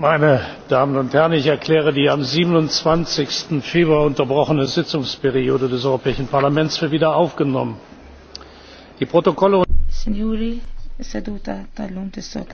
meine damen und herren! ich erkläre die am. siebenundzwanzig februar unterbrochene sitzungsperiode des europäischen parlaments für wieder aufgenommen. die protokolle und